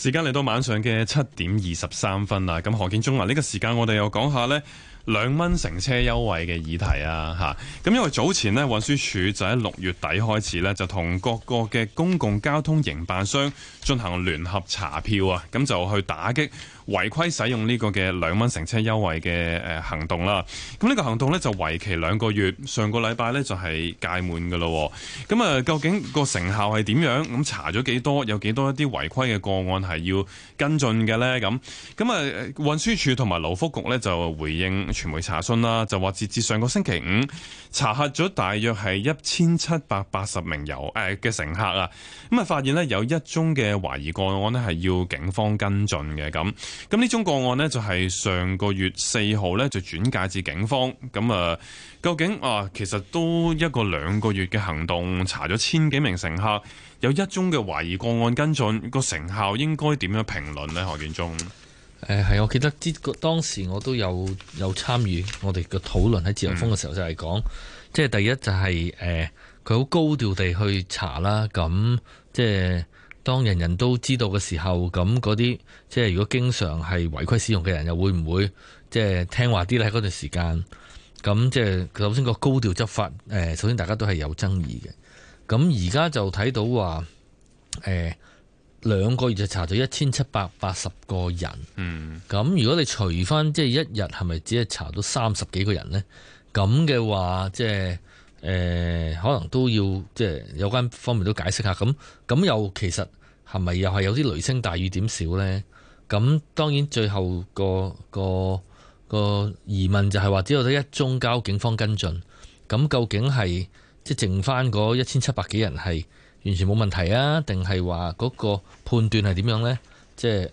時間嚟到晚上嘅七點二十三分啦，咁何建中啊，呢個時間我哋又講下呢兩蚊乘車優惠嘅議題啊，吓，咁因為早前呢，運輸署就喺六月底開始呢，就同各個嘅公共交通營辦商進行聯合查票啊，咁就去打擊違規使用呢個嘅兩蚊乘車優惠嘅行動啦，咁呢個行動呢，就為期兩個月，上個禮拜呢，就係屆滿嘅咯。咁啊，究竟個成效係點樣？咁查咗幾多？有幾多一啲違規嘅個案係要跟進嘅呢？咁咁啊，運輸署同埋勞福局呢，就回應傳媒查詢啦，就話截至上個星期五查核咗大約係一千七百八十名游嘅、哎、乘客啊，咁啊發現呢，有一宗嘅懷疑個案呢，係要警方跟進嘅咁。咁呢宗個案呢，就係上個月四號呢，就轉介至警方，咁啊，究竟啊其實都一個兩個月嘅行動，查咗千幾名乘客，有一宗嘅懷疑個案跟進，個成效應該點樣評論呢？何建忠，誒係，我記得、這個、當時我都有有參與我哋嘅討論喺自由風嘅時候就係講，嗯、即係第一就係誒佢好高調地去查啦，咁即係。當人人都知道嘅時候，咁嗰啲即係如果經常係違規使用嘅人，又會唔會即係聽話啲咧？喺嗰段時間，咁即係首先個高調執法，誒，首先大家都係有爭議嘅。咁而家就睇到話，誒、欸、兩個月就查咗一千七百八十個人，嗯，咁如果你除翻即係一日係咪只係查到三十幾個人呢？咁嘅話，即係誒、欸、可能都要即係有關方面都解釋下。咁咁又其實。係咪又係有啲雷聲大雨點少呢？咁當然最後個個個疑問就係話，只有得一宗交警方跟進。咁究竟係即係剩翻嗰一千七百幾人係完全冇問題啊？定係話嗰個判斷係點樣呢？即係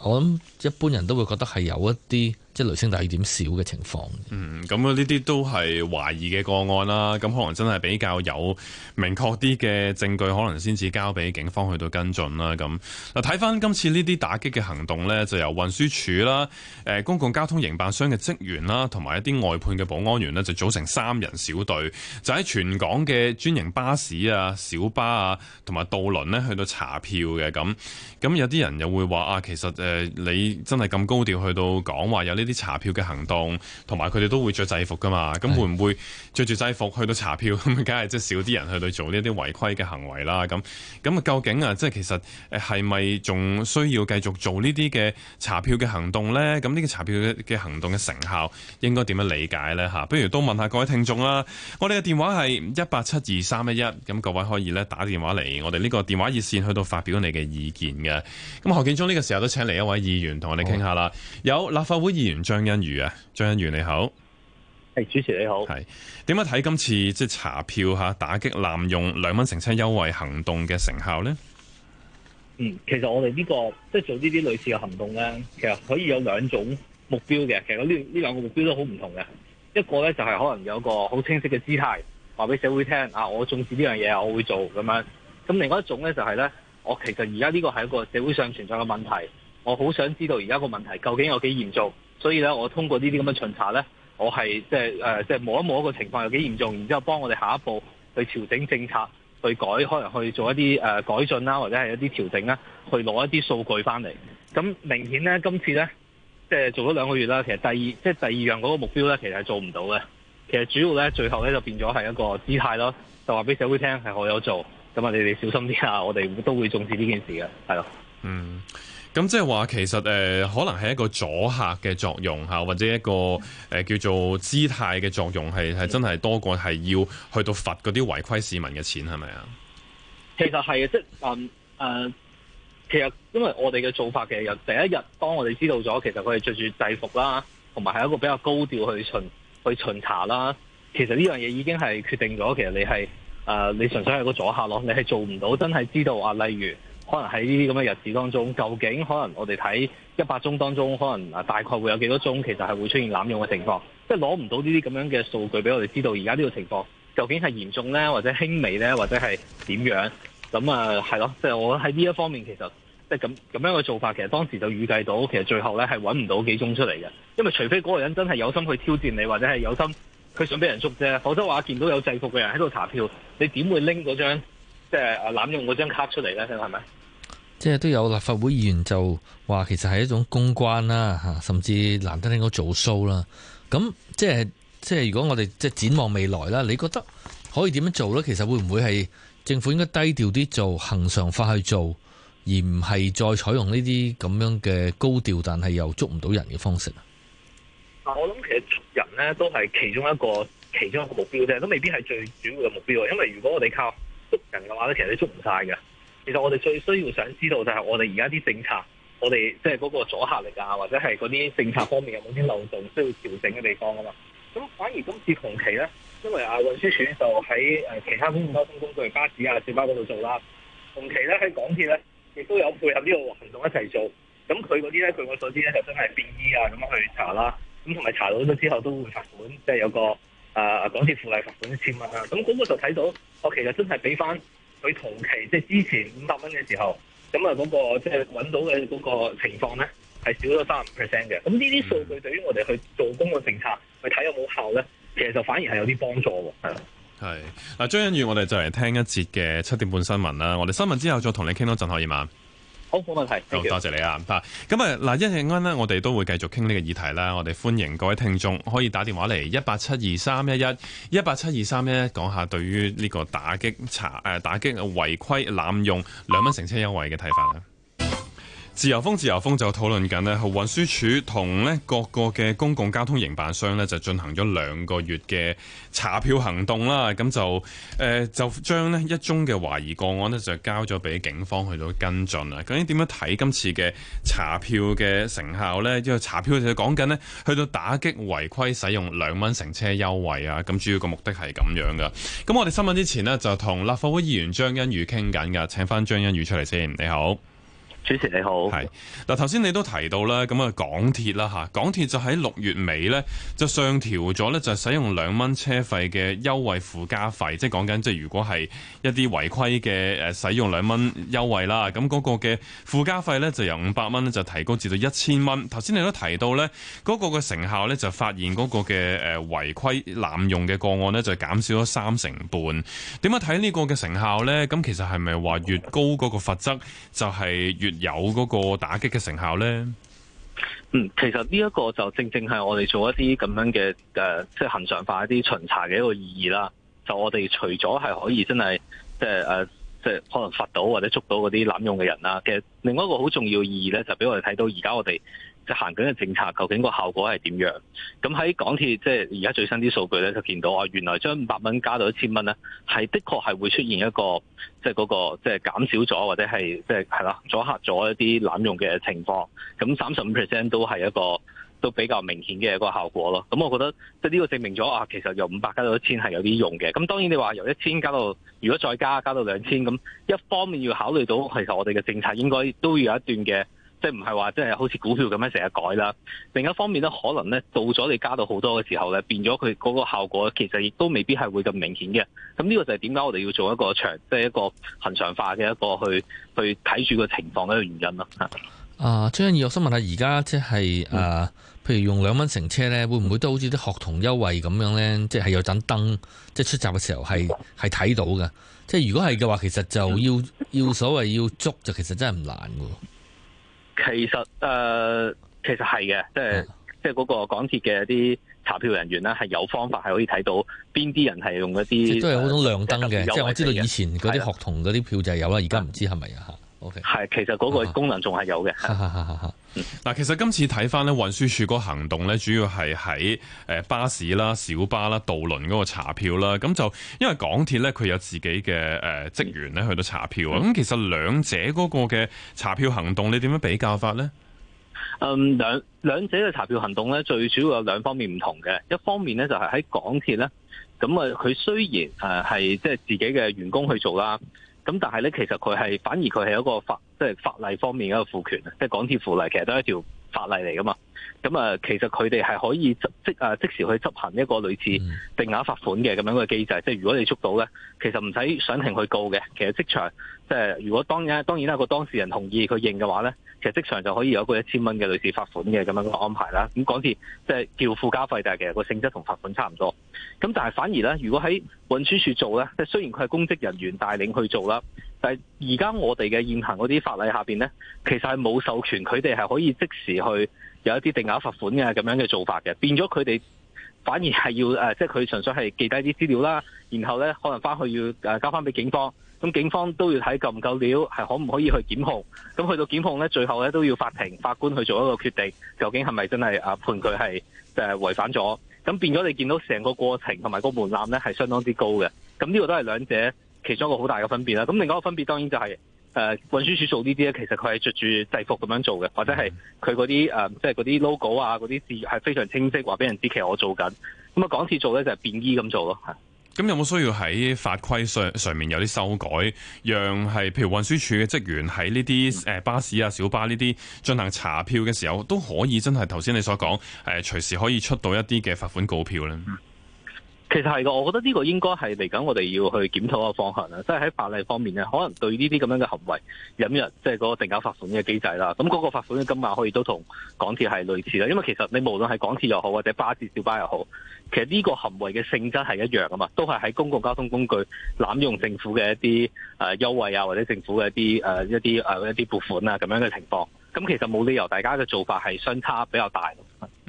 我諗一般人都會覺得係有一啲。即係雷聲大雨點小嘅情況，嗯，咁啊，呢啲都係懷疑嘅個案啦。咁可能真係比較有明確啲嘅證據，可能先至交俾警方去到跟進啦。咁嗱，睇翻今次呢啲打擊嘅行動咧，就由運輸署啦、誒、呃、公共交通營辦商嘅職員啦，同埋一啲外判嘅保安員咧，就組成三人小隊，就喺全港嘅專營巴士啊、小巴啊、同埋渡輪咧去到查票嘅。咁咁有啲人又會話啊，其實誒、呃、你真係咁高調去到講話有呢？啲查票嘅行動同埋佢哋都會着制服噶嘛？咁會唔會着住制服去到查票咁，梗係即係少啲人去到做呢啲違規嘅行為啦？咁咁啊，究竟啊，即係其實誒係咪仲需要繼續做呢啲嘅查票嘅行動咧？咁呢個查票嘅行動嘅成效應該點樣理解咧？吓、啊、不如都問下各位聽眾啦。我哋嘅電話係一八七二三一一，咁各位可以咧打電話嚟，我哋呢個電話熱線去到發表你嘅意見嘅。咁何建忠呢個時候都請嚟一位議員同我哋傾下啦。的有立法會議員。張欣宇啊，張欣宇你好，係，主持你好，係，點樣睇今次即係查票吓，打擊濫用兩蚊乘車優惠行動嘅成效呢？嗯，其實我哋呢個即係做呢啲類似嘅行動呢，其實可以有兩種目標嘅，其實呢呢兩個目標都好唔同嘅。一個呢，就係可能有個好清晰嘅姿態，話俾社會聽啊，我重視呢樣嘢，我會做咁樣。咁另外一種呢，就係呢，我其實而家呢個係一個社會上存在嘅問題，我好想知道而家個問題究竟有幾嚴重。所以咧，我通過呢啲咁嘅巡查咧，我係即係誒，即係摸一摸個情況有幾嚴重，然之後幫我哋下一步去調整政策，去改，可能去做一啲誒改進啦，或者係一啲調整啦，去攞一啲數據翻嚟。咁明顯咧，今次咧，即係做咗兩個月啦。其實第二，即係第二樣嗰個目標咧，其實係做唔到嘅。其實主要咧，最後咧就變咗係一個姿態咯，就話俾社會聽係我有做。咁啊，你哋小心啲啊，我哋都會重視呢件事嘅，係咯。嗯。咁即係話，其實誒、呃，可能係一個阻吓嘅作用吓，或者一個誒、呃、叫做姿態嘅作用是，係係真係多過係要去到罰嗰啲違規市民嘅錢，係咪啊？其實係啊，即係誒誒，其實因為我哋嘅做法，其實由第一日當我哋知道咗，其實佢哋着住制服啦，同埋係一個比較高調去巡去巡查啦，其實呢樣嘢已經係決定咗，其實你係誒、呃、你純粹係個阻吓咯，你係做唔到真係知道啊，例如。可能喺呢啲咁嘅日子當中，究竟可能我哋睇一百宗當中，可能啊大概會有幾多宗其實係會出現濫用嘅情況，即係攞唔到呢啲咁樣嘅數據俾我哋知道，而家呢個情況究竟係嚴重咧，或者輕微咧，或者係點樣？咁啊係咯，即係我喺呢一方面其實即係咁咁樣嘅做法，其實當時就預計到，其實最後咧係揾唔到幾宗出嚟嘅，因為除非嗰個人真係有心去挑戰你，或者係有心佢想俾人捉啫，否則話見到有制服嘅人喺度查票，你點會拎嗰張即係啊濫用嗰張卡出嚟咧？係咪？是即係都有立法會議員就話其實係一種公關啦，吓，甚至難得應該做 show 啦。咁即係即係如果我哋即係展望未來啦，你覺得可以點樣做呢？其實會唔會係政府應該低調啲做、恆常化去做，而唔係再採用呢啲咁樣嘅高調，但係又捉唔到人嘅方式啊？我諗其實捉人呢都係其中一個、其中一個目標啫，都未必係最主要嘅目標。因為如果我哋靠捉人嘅話，其實你捉唔晒嘅。其實我哋最需要想知道就係我哋而家啲政策，我哋即係嗰個阻吓力啊，或者係嗰啲政策方面有冇啲漏洞需要調整嘅地方啊嘛？咁反而今次同期咧，因為啊運輸署就喺誒、呃、其他公共交通工具巴士啊、小巴嗰度做啦，同期咧喺港鐵咧亦都有配合呢個行動一齊做。咁佢嗰啲咧，據我所知咧，就真係便衣啊咁樣去查啦。咁同埋查到咗之後都會罰款，即、就、係、是、有個誒、呃、港鐵附例罰款一千蚊啊。咁嗰個就睇到，我其實真係俾翻。佢同期即係、就是、之前五百蚊嘅時候，咁啊嗰個即係揾到嘅嗰個情況咧，係少咗三十五 percent 嘅。咁呢啲數據對於我哋去做公共政策去睇有冇效咧，其實就反而係有啲幫助喎。係啊，嗱，張欣宇，我哋就嚟聽一節嘅七點半新聞啦。我哋新聞之後再同你傾多陣，可以嘛？好，冇問題。好，Thank you. 多謝你啊！咁啊，嗱，一陣間咧，我哋都會繼續傾呢個議題啦。我哋歡迎各位聽眾可以打電話嚟一八七二三一一一八七二三一一，講下對於呢個打擊查誒打擊違規濫用兩蚊乘車優惠嘅睇法啦。自由風，自由風就討論緊咧，運輸署同咧各個嘅公共交通營辦商咧就進行咗兩個月嘅查票行動啦。咁就誒、呃、就將咧一宗嘅懷疑個案咧就交咗俾警方去到跟進啦。究竟點樣睇今次嘅查票嘅成效呢？因為查票就講緊咧去到打擊違規使用兩蚊乘車優惠啊。咁主要個目的係咁樣噶。咁我哋新聞之前呢，就同立法會議員張欣宇傾緊噶。請翻張欣宇出嚟先。你好。主持你好，係嗱，頭先你都提到啦，咁啊，港鐵啦吓，港鐵就喺六月尾咧就上調咗咧，就使用兩蚊車費嘅優惠附加費，即係講緊即係如果係一啲違規嘅誒使用兩蚊優惠啦，咁嗰個嘅附加費咧就由五百蚊咧就提高至到一千蚊。頭先你都提到咧，嗰個嘅成效咧就發現嗰個嘅誒違規濫用嘅個案咧就減少咗三成半。點樣睇呢個嘅成效咧？咁其實係咪話越高嗰個罰則就係越？有嗰個打擊嘅成效咧？嗯，其實呢一個就正正係我哋做一啲咁樣嘅誒、呃，即係恒常化一啲巡查嘅一個意義啦。就我哋除咗係可以真係即係誒，即係、呃、可能罰到或者捉到嗰啲濫用嘅人啦。其實另外一個好重要意義咧，就俾我哋睇到而家我哋就行緊嘅政策，究竟個效果係點樣？咁喺港鐵，即係而家最新啲數據咧，就見到啊，原來將五百蚊加到一千蚊咧，係的確係會出現一個，即係嗰個，即係減少咗或者係，即係係啦，阻嚇咗一啲濫用嘅情況。咁三十五 percent 都係一個，都比較明顯嘅一個效果咯。咁我覺得，即係呢個證明咗啊，其實由五百加到一千係有啲用嘅。咁當然你話由一千加到，如果再加加到兩千，咁一方面要考慮到，其實我哋嘅政策應該都要有一段嘅。即係唔係話即係好似股票咁樣成日改啦。另一方面咧，可能咧到咗你加到好多嘅時候咧，變咗佢嗰個效果其實亦都未必係會咁明顯嘅。咁呢個就係點解我哋要做一個長即係一個恒常化嘅一個去去睇住個情況嘅一個原因啦。啊，張欣宇，我想問下，而家即係啊，譬如用兩蚊乘車咧，會唔會都好似啲學童優惠咁樣咧？即係有盞燈，即係出閘嘅時候係係睇到嘅。即係如果係嘅話，其實就要要所謂要捉就其實真係唔難嘅。其實誒、呃，其實係嘅，即係即係嗰個港鐵嘅啲查票人員咧，係有方法係可以睇到邊啲人係用一啲，其實都係好種，亮燈嘅，就係嘅即係我知道以前嗰啲學童嗰啲票就係有啦，而家唔知係咪啊嚇。OK，係，其實嗰個功能仲係有嘅。嗱，其實今次睇翻咧運輸署個行動咧，主要係喺誒巴士啦、小巴啦、渡輪嗰個查票啦。咁就因為港鐵咧，佢有自己嘅誒職員咧去到查票。咁，嗯，其實兩者嗰個嘅查票行動，你點樣比較法咧？嗯，兩兩者嘅查票行動咧，最主要有兩方面唔同嘅。一方面咧就係喺港鐵咧，咁啊，佢雖然誒係即係自己嘅員工去做啦。咁但係咧，其實佢係反而佢係一個法，即係法例方面一個賦權，即係港鐵附例，其實都係一條法例嚟噶嘛。咁啊，其實佢哋係可以即即即時去執行一個類似定額罰款嘅咁樣嘅機制。嗯、即係如果你捉到咧，其實唔使上庭去告嘅，其實即場即係如果當然當然啦，個當事人同意佢認嘅話咧。其實即場就可以有一個一千蚊嘅類似罰款嘅咁樣嘅安排啦。咁講起即係叫附加費，但係其實個性質同罰款差唔多。咁但係反而咧，如果喺運輸署做咧，即係雖然佢係公職人員帶領去做啦，但係而家我哋嘅現行嗰啲法例下邊咧，其實係冇授權佢哋係可以即時去有一啲定額罰款嘅咁樣嘅做法嘅。變咗佢哋反而係要誒，即係佢純粹係記低啲資料啦，然後咧可能翻去要誒交翻俾警方。咁警方都要睇夠唔夠料，係可唔可以去檢控？咁去到檢控咧，最後咧都要法庭法官去做一個決定，究竟係咪真係啊判佢係誒違反咗？咁變咗你見到成個過程同埋個門檻咧係相當之高嘅。咁呢個都係兩者其中一個好大嘅分別啦。咁另外一個分別當然就係誒運輸署做呢啲咧，其實佢係着住制服咁樣做嘅，或者係佢嗰啲誒即係嗰啲 logo 啊嗰啲字係非常清晰，話俾人知其實我做緊。咁啊港鐵做咧就係便衣咁做咯。咁有冇需要喺法規上上面有啲修改，讓係譬如運輸署嘅職員喺呢啲巴士啊、小巴呢啲進行查票嘅時候，都可以真係頭先你所講誒、呃、隨時可以出到一啲嘅罰款告票呢？其實係嘅，我覺得呢個應該係嚟緊我哋要去檢討嘅方向啦。即係喺法例方面咧，可能對呢啲咁樣嘅行為引入即係嗰個定價罰款嘅機制啦。咁嗰個罰款嘅金額可以都同港鐵係類似啦。因為其實你無論係港鐵又好，或者巴士小巴又好，其實呢個行為嘅性質係一樣㗎嘛，都係喺公共交通工具濫用政府嘅一啲誒優惠啊，或者政府嘅一啲誒、呃、一啲誒、呃、一啲撥款啊咁樣嘅情況。咁其實冇理由大家嘅做法係相差比較大。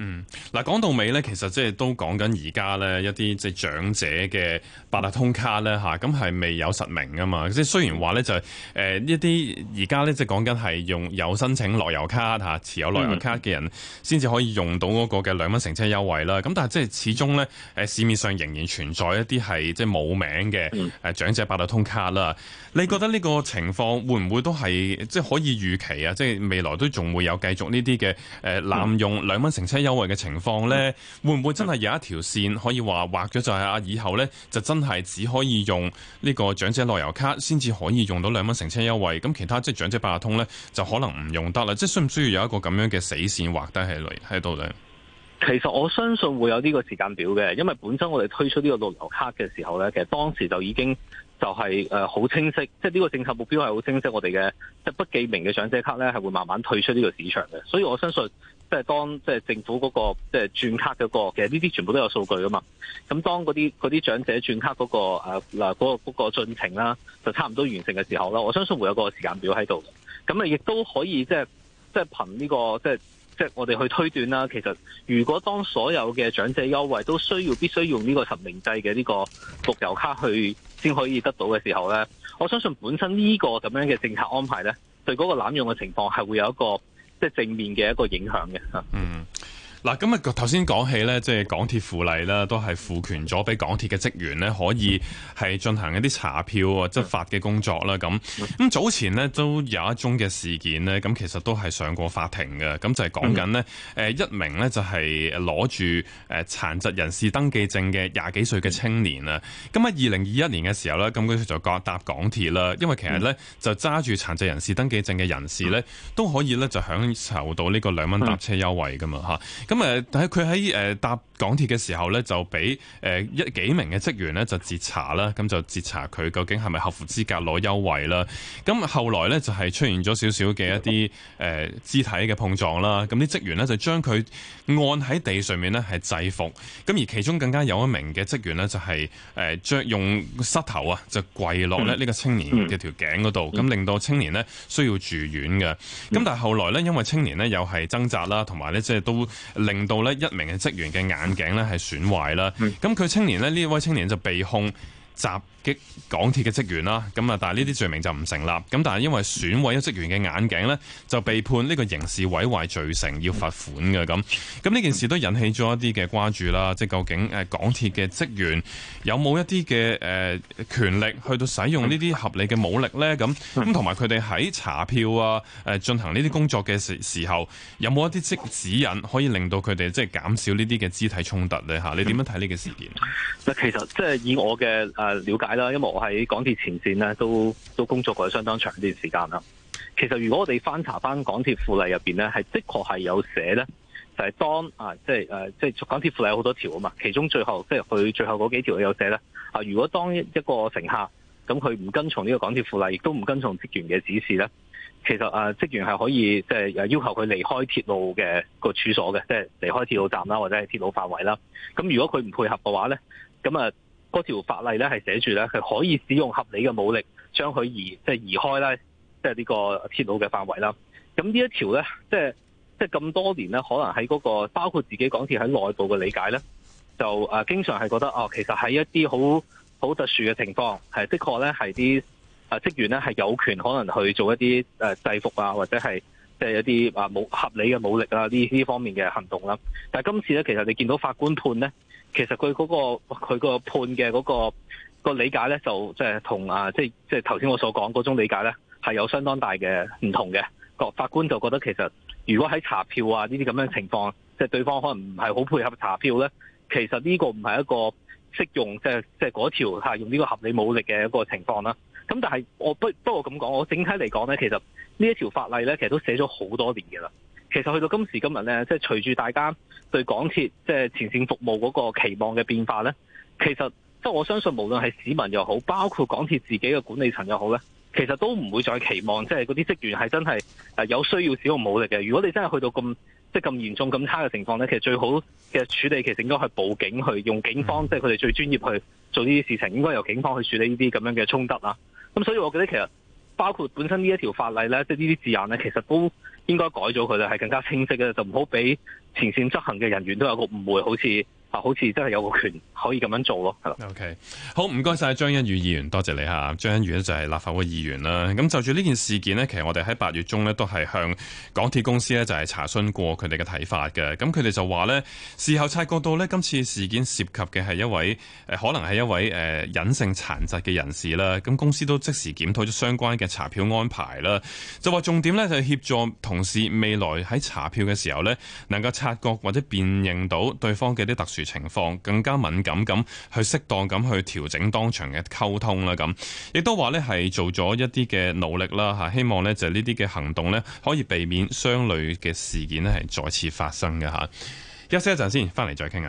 嗯，嗱、啊，講到尾咧，其實即係都講緊而家咧一啲即係長者嘅八達通卡咧嚇，咁係未有實名㗎嘛。即係雖然話咧就係、是呃、一啲而家咧即係講緊係用有申請樂悠卡、啊、持有樂悠卡嘅人先至可以用到嗰個嘅兩蚊乘車優惠啦。咁、啊、但係即係始終咧、嗯啊、市面上仍然存在一啲係即係冇名嘅誒、嗯啊、長者八達通卡啦、啊。你覺得呢個情況會唔會都係即係、就是、可以預期啊？即、就、係、是、未來都仲會有繼續呢啲嘅誒濫用兩蚊乘車優惠？優惠嘅情況呢，會唔會真係有一條綫可以話劃咗？就係啊，以後呢，就真係只可以用呢個長者內遊卡，先至可以用到兩蚊乘車優惠。咁其他即係長者八達通呢，就可能唔用得啦。即係需唔需要有一個咁樣嘅死綫劃低起嚟喺度呢，其實我相信會有呢個時間表嘅，因為本身我哋推出呢個內遊卡嘅時候呢，其實當時就已經。就係誒好清晰，即係呢個政策目標係好清晰。我哋嘅即係不記名嘅長者卡咧，係會慢慢退出呢個市場嘅。所以我相信，即係當即係政府嗰個即係轉卡嗰個，其實呢啲全部都有數據噶嘛。咁當嗰啲嗰啲長者轉卡嗰個誒嗱嗰個嗰個進程啦，就差唔多完成嘅時候啦，我相信會有個時間表喺度。咁啊，亦都可以即係即係憑呢個即係即係我哋去推斷啦。其實如果當所有嘅長者優惠都需要必須用呢個實名制嘅呢個樂悠卡去，先可以得到嘅時候呢，我相信本身呢個咁樣嘅政策安排呢，對嗰個濫用嘅情況係會有一個即係正面嘅一個影響嘅嚇。嗱，咁啊，頭先講起咧，即係港鐵附例啦，都係賦權咗俾港鐵嘅職員呢，可以係進行一啲查票啊、執法嘅工作啦。咁咁 早前呢，都有一宗嘅事件呢，咁其實都係上過法庭嘅。咁就係講緊呢，誒，一名呢就係攞住誒殘疾人士登記證嘅廿幾歲嘅青年啊。咁喺二零二一年嘅時候呢，咁佢就講搭港鐵啦。因為其實呢，就揸住殘疾人士登記證嘅人士呢，都可以呢，就享受到呢個兩蚊搭車優惠噶嘛，吓。咁啊，但係佢喺誒搭。港鐵嘅時候呢，就俾一幾名嘅職員呢，就截查啦，咁就截查佢究竟係咪合乎資格攞優惠啦。咁後來呢，就係出現咗少少嘅一啲肢體嘅碰撞啦，咁啲職員呢，就將佢按喺地上面呢係制服。咁而其中更加有一名嘅職員呢，就係用膝頭啊就跪落咧呢個青年嘅條頸嗰度，咁、嗯嗯、令到青年呢，需要住院嘅。咁但係後來呢，因為青年呢，又係掙扎啦，同埋呢，即係都令到呢一名嘅職員嘅眼。頸咧係損壞啦，咁佢青年咧呢一位青年就被控，襲擊港鐵嘅職員啦，咁啊，但係呢啲罪名就唔成立。咁但係因為損毀咗職員嘅眼鏡呢，就被判呢個刑事毀壞罪成，要罰款嘅。咁咁呢件事都引起咗一啲嘅關注啦，即究竟誒港鐵嘅職員有冇一啲嘅誒權力去到使用呢啲合理嘅武力呢？咁咁同埋佢哋喺查票啊，誒進行呢啲工作嘅時時候，有冇一啲即指引可以令到佢哋即係減少呢啲嘅肢體衝突呢？嚇，你點樣睇呢個事件？其實即係以我嘅了解啦，因為我喺港鐵前線咧，都都工作過相當長一段時間啦。其實如果我哋翻查翻港鐵附例入面咧，係的確係有寫咧，就係當啊，即係誒，即係港鐵附例有好多條啊嘛。其中最後即係佢最後嗰幾條有寫咧啊。如果當一個乘客咁佢唔跟從呢個港鐵附例，亦都唔跟從職員嘅指示咧，其實啊，職員係可以即係要求佢離開鐵路嘅個處所嘅，即係離開鐵路站啦，或者係鐵路範圍啦。咁如果佢唔配合嘅話咧，咁啊。嗰條法例咧係寫住咧係可以使用合理嘅武力將佢移即係、就是、移開啦，即係呢個鐵路嘅範圍啦。咁呢一條咧，即係即係咁多年咧，可能喺嗰、那個包括自己港鐵喺內部嘅理解咧，就誒經常係覺得哦，其實喺一啲好好特殊嘅情況，係的確咧係啲誒職員咧係有權可能去做一啲誒制服啊，或者係即係一啲冇合理嘅武力啊呢呢方面嘅行動啦。但係今次咧，其實你見到法官判咧。其實佢嗰個佢個判嘅嗰個個理解咧，就即係同啊，即係即係頭先我所講嗰種理解咧，係有相當大嘅唔同嘅。個法官就覺得，其實如果喺查票啊呢啲咁樣情況，即係對方可能唔係好配合查票咧，其實呢個唔係一個適用即係即係嗰條吓用呢個合理武力嘅一個情況啦。咁但係我不不過咁講，我整體嚟講咧，其實呢一條法例咧，其實都寫咗好多年嘅啦。其實去到今時今日呢，即係隨住大家對港鐵即係前線服務嗰個期望嘅變化呢，其實即係我相信，無論係市民又好，包括港鐵自己嘅管理層又好呢，其實都唔會再期望即係嗰啲職員係真係有需要使用武力嘅。如果你真係去到咁即係咁嚴重、咁差嘅情況呢，其實最好嘅處理其實應該去報警去，去用警方即係佢哋最專業去做呢啲事情，應該由警方去處理呢啲咁樣嘅衝突啊。咁所以，我覺得其實包括本身呢一條法例呢，即係呢啲字眼呢，其實都。應該改咗佢喇，係更加清晰嘅，就唔好畀前線執行嘅人員都有個誤會，好似。好似真係有個權可以咁樣做咯。Okay，好唔該晒張欣宇議員，多謝你嚇。張欣宇呢就係立法會議員啦。咁就住呢件事件呢，其實我哋喺八月中呢都係向港鐵公司呢就係查詢過佢哋嘅睇法嘅。咁佢哋就話呢，事後察覺到呢今次事件涉及嘅係一位、呃、可能係一位誒、呃、隱性殘疾嘅人士啦。咁公司都即時檢討咗相關嘅查票安排啦。就話重點呢，就係協助同事未來喺查票嘅時候呢能夠察覺或者辨認到對方嘅啲特殊。情況更加敏感，咁去適當咁去調整當場嘅溝通啦，咁亦都話咧係做咗一啲嘅努力啦，吓希望，咧就呢啲嘅行動咧可以避免相類嘅事件咧係再次發生嘅吓，休息一陣先，翻嚟再傾啊。